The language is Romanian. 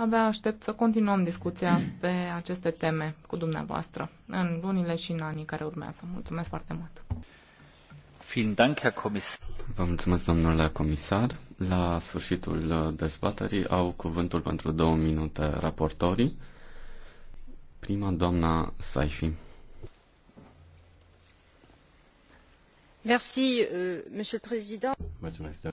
Abia aștept să continuăm discuția pe aceste teme cu dumneavoastră în lunile și în anii care urmează. Mulțumesc foarte mult! Vă mulțumesc, domnule comisar. La sfârșitul dezbaterii au cuvântul pentru două minute raportorii. Prima, doamna Saifi. Merci, euh, monsieur le président. Mulțumesc,